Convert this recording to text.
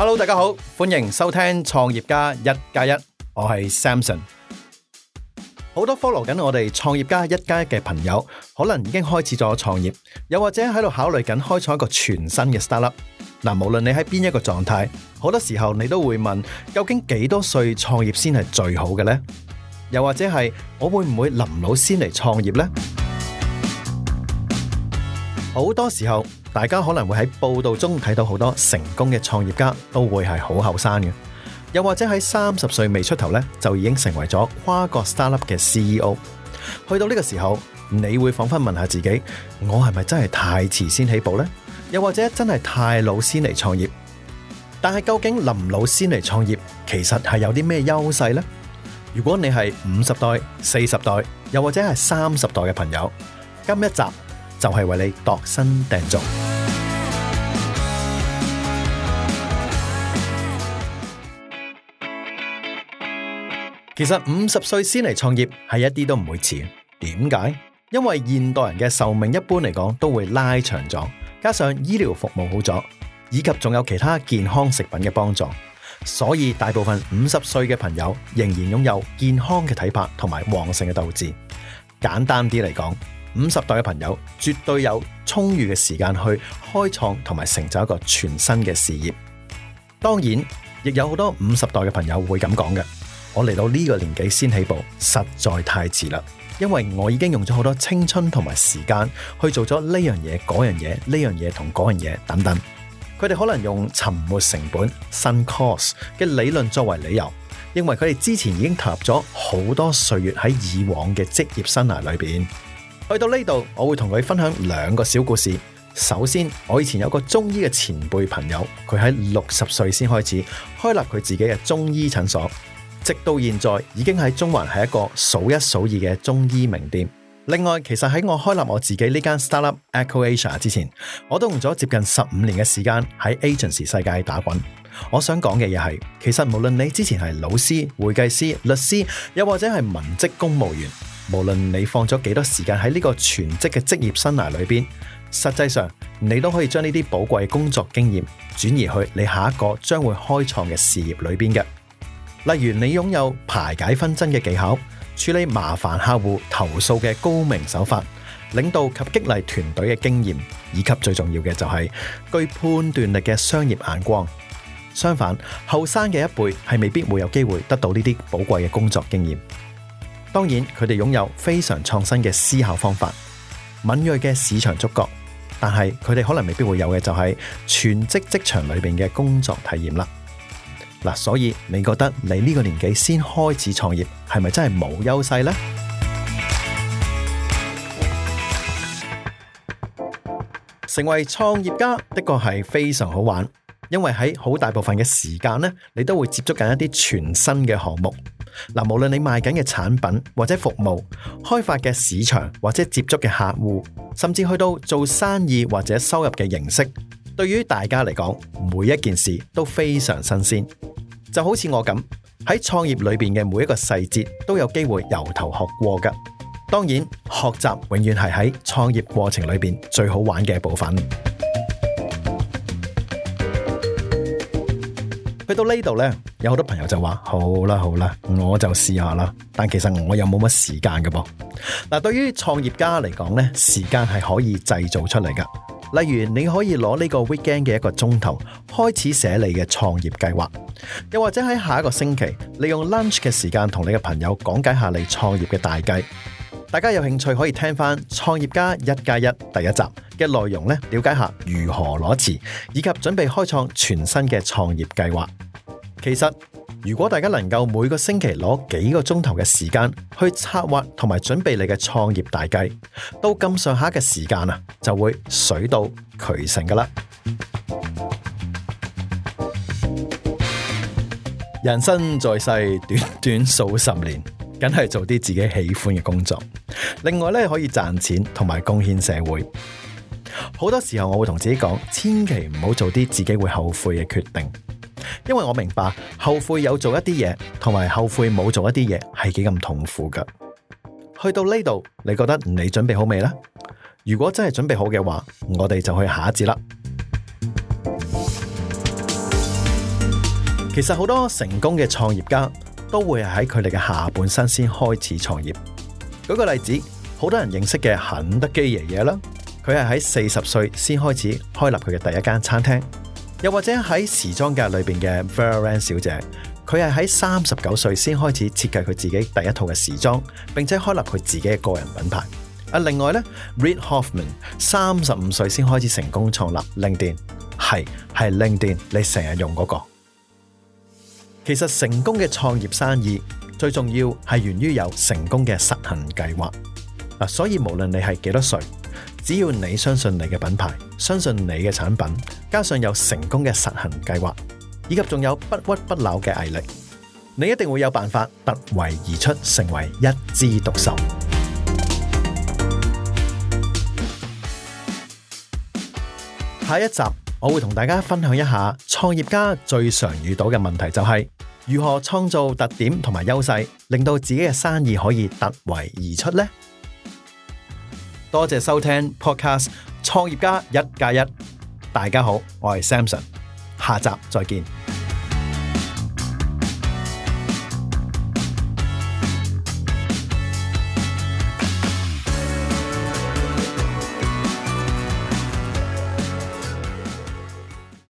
Hello，大家好，歡迎收聽創業家一加一，我係 Samson。好多 follow 緊我哋創業家一加一嘅朋友，可能已經開始咗創業，又或者喺度考慮緊開創一個全新嘅 startup。嗱，無論你喺邊一個狀態，好多時候你都會問，究竟幾多歲創業先係最好嘅呢？又或者係我會唔會臨老先嚟創業呢？」好多時候，大家可能會喺報道中睇到好多成功嘅創業家，都會係好後生嘅，又或者喺三十歲未出頭呢，就已經成為咗跨國 startup 嘅 CEO。去到呢個時候，你會彷彿問下自己：我係咪真係太遲先起步呢？又或者真係太老先嚟創業？但係究竟臨老先嚟創業，其實係有啲咩優勢呢？如果你係五十代、四十代，又或者係三十代嘅朋友，今一集，就係為你度身訂造。其實五十歲先嚟創業係一啲都唔會遲。點解？因為現代人嘅壽命一般嚟講都會拉長咗，加上醫療服務好咗，以及仲有其他健康食品嘅幫助，所以大部分五十歲嘅朋友仍然擁有健康嘅體魄同埋旺盛嘅鬥志。簡單啲嚟講，五十代嘅朋友絕對有充裕嘅時間去開創同埋成就一個全新嘅事業。當然，亦有好多五十代嘅朋友會咁講嘅。我嚟到呢個年紀先起步，實在太遲啦。因為我已經用咗好多青春同埋時間去做咗呢樣嘢、嗰樣嘢、呢樣嘢同嗰樣嘢等等。佢哋可能用沉沒成本 sunk cost 嘅理論作為理由，認為佢哋之前已經投入咗好多歲月喺以往嘅職業生涯裏邊。去到呢度，我會同佢分享兩個小故事。首先，我以前有個中醫嘅前輩朋友，佢喺六十歲先開始開立佢自己嘅中醫診所，直到現在已經喺中環係一個數一數二嘅中醫名店。另外，其實喺我開立我自己呢間 startup Echo Asia 之前，我都用咗接近十五年嘅時間喺 agency 世界打滾。我想講嘅嘢係，其實無論你之前係老師、會計師、律師，又或者係文職公務員。無論你放咗幾多時間喺呢個全職嘅職業生涯裏邊，實際上你都可以將呢啲寶貴嘅工作經驗轉移去你下一個將會開創嘅事業裏邊嘅。例如，你擁有排解紛爭嘅技巧、處理麻煩客戶投訴嘅高明手法、領導及激勵團隊嘅經驗，以及最重要嘅就係具判斷力嘅商業眼光。相反，後生嘅一輩係未必會有機會得到呢啲寶貴嘅工作經驗。當然，佢哋擁有非常創新嘅思考方法、敏銳嘅市場觸覺，但係佢哋可能未必會有嘅就係全職職場裏邊嘅工作體驗啦。嗱，所以你覺得你呢個年紀先開始創業，係咪真係冇優勢呢？成為創業家的確係非常好玩，因為喺好大部分嘅時間，你都會接觸緊一啲全新嘅項目。嗱，無論你賣緊嘅產品或者服務、開發嘅市場或者接觸嘅客戶，甚至去到做生意或者收入嘅形式，對於大家嚟講，每一件事都非常新鮮。就好似我咁，喺創業裏邊嘅每一個細節都有機會由頭學過㗎。當然，學習永遠係喺創業過程裏邊最好玩嘅部分。去到呢度呢，有好多朋友就話：好啦，好啦，我就試下啦。但其實我又冇乜時間㗎噃。嗱，對於創業家嚟講呢，時間係可以製造出嚟噶。例如，你可以攞呢個 weekend 嘅一個鐘頭，開始寫你嘅創業計劃；又或者喺下一個星期，利用 lunch 嘅時間，同你嘅朋友講解下你創業嘅大計。大家有興趣可以聽翻《創業家一加一》第一集嘅內容咧，了解下如何裸辭，以及準備開創全新嘅創業計劃。其實如果大家能夠每個星期攞幾個鐘頭嘅時間去策劃同埋準備你嘅創業大計，到咁上下嘅時間啊，就會水到渠成噶啦。人生在世，短短數十年，梗係做啲自己喜歡嘅工作。另外咧，可以賺錢同埋貢獻社會。好多時候我會同自己講，千祈唔好做啲自己會後悔嘅決定，因為我明白後悔有做一啲嘢，同埋後悔冇做一啲嘢係幾咁痛苦噶。去到呢度，你覺得你準備好未呢？如果真係準備好嘅話，我哋就去下一節啦。其實好多成功嘅創業家都會喺佢哋嘅下半生先開始創業。舉個例子，好多人認識嘅肯德基爺爺啦，佢係喺四十歲先開始開立佢嘅第一間餐廳；又或者喺時裝界裏邊嘅 Vera Wang 小姐，佢係喺三十九歲先開始設計佢自己第一套嘅時裝，並且開立佢自己嘅個人品牌。啊，另外呢，Reid Hoffman 三十五歲先開始成功創立 LinkedIn，係係 LinkedIn，你成日用嗰個。其實成功嘅創業生意。最重要係源於有成功嘅實行計劃，所以無論你係幾多歲，只要你相信你嘅品牌，相信你嘅產品，加上有成功嘅實行計劃，以及仲有不屈不撓嘅毅力，你一定會有辦法突圍而出，成為一枝獨秀。下一集我會同大家分享一下創業家最常遇到嘅問題，就係，就係。如何創造特點同埋優勢，令到自己嘅生意可以突圍而出呢？多謝收聽 Podcast《創業家一加一》，大家好，我係 Samson，下集再見。